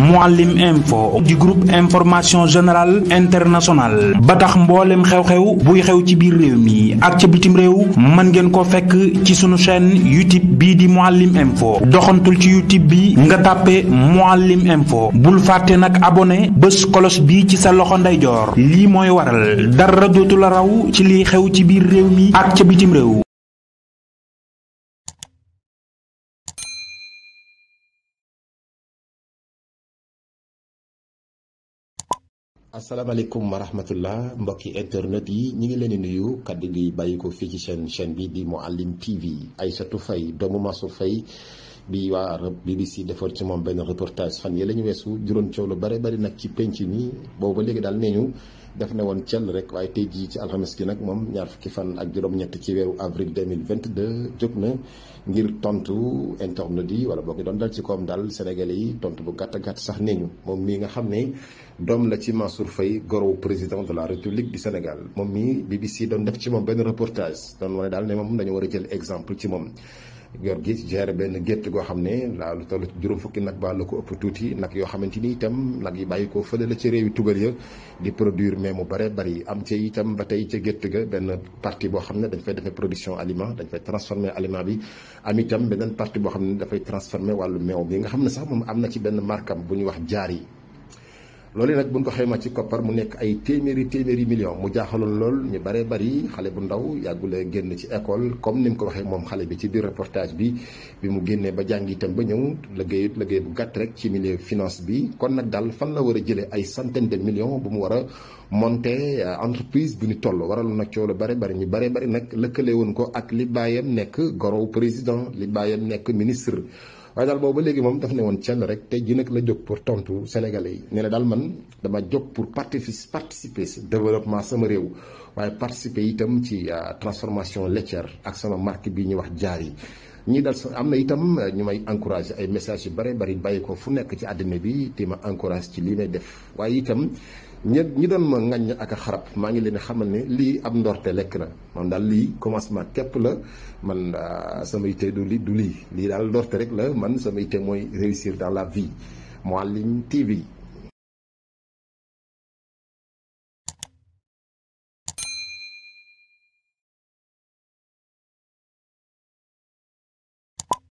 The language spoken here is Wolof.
Mouhalim info di groupe information générale internationale ba tax mbooleem xew-xew buy xew ci biir réew mi ak ca bitim réew man ngeen ko fekk ci sunu chaîne YouTube bii di Mouhalim info doxantul ci YouTube bi nga tàppe Mouhalim info bul fàtte nag abone bés kolos bi ci sa loxo ndeyjoor lii mooy waral dara dootu la raw ci liy xew ci biir réew mi ak ca bitim réew asalaamaaleykum wa rahmatullah mbokki internet yi ñu ngi leen di nuyu kaddu gi bàyyi ko fii ci seen chaîne bi di Mouhalim TV Aïssatou Faye doomu Mansour fay bi waa BBC defar ci moom benn reportage fan yi la ñu weesu juróom coow lu bare bari nag ci penc mi boobu ba léegi daal nee ñu def ne woon cell rek waaye tey jii ci alxames gi nag moom ñaar fukki fan ak juróom-ñett ci weeru avril 2022 jóg na ngir tontu internet yi wala boo ko doon dal ci koom daal Sénégalais yi tontu bu gàtt sax nee ñu moom mii nga xam ne doom la ci Mansour Faye gorow président de la République du Sénégal moom mii BBC doon def ci moom benn reportage doon wane daal ne moom dañu war a jël exemple ci moom. yor gi géré benn gétt goo xam ne laa lu toll juróom fukki nag ba la ko ëpp tuuti nag yoo xamante ni itam nag yi bàyyi koo fële la ci réew tugal ya di produire mais mu bare bari am ci itam ba tey ca gétt ga benn partie boo xam ne dañ fay defee production aliment dañ fay transformer aliment bi am itam beneen partie boo xam ne dafay transformer wàllu meew bi nga xam ne sax moom am na ci benn markam bu ñu wax jaar yi loolu nag bu buñ ko ma ci koppar mu nekk ay téeméeri téeméeri million mu jaaxaloon lool ñu bare bari xale bu ndaw yàggulee génn ci école comme ni mu ko waxee moom xale bi ci biir reportage bi bi mu génnee ba jàng itam ba ñëw liggéey liggéey bu gàtt rek ci milieu finance bi kon nag daal fan la war a jëlee ay centaine million millions bu mu war a monter euh, entreprise bu ñu toll waral nag coow lu bare bari ñu bare bari nag lëkkale woon ko ak li bàyyam nekk gorow président li bàyyam nekk ministre waaye daal boobu léegi moom daf ne woon cell rek tey ji nag la jóg pour tontu sénégalais yi ne na daal man dama jóg pour partici participer développement sama réew waaye participer itam ci euh, transformation laitière ak sama marque bi ñuy wax jaar yi ñii dal sa am na itam euh, ñu may encouragé ay messages yu bare bari bàyyi ko fu nekk ci àddina bi te ma encourage ci lii may def waaye itam ñi ñi doon ma ŋaññ ak a xarab maa ngi leen xamal ne lii ab ndorte lekk na man daal lii commencement képp la man ah, sama yitte du li du lii lii daal ndorte rek la man sama yitte mooy réussir daal la vie Mouhalim TV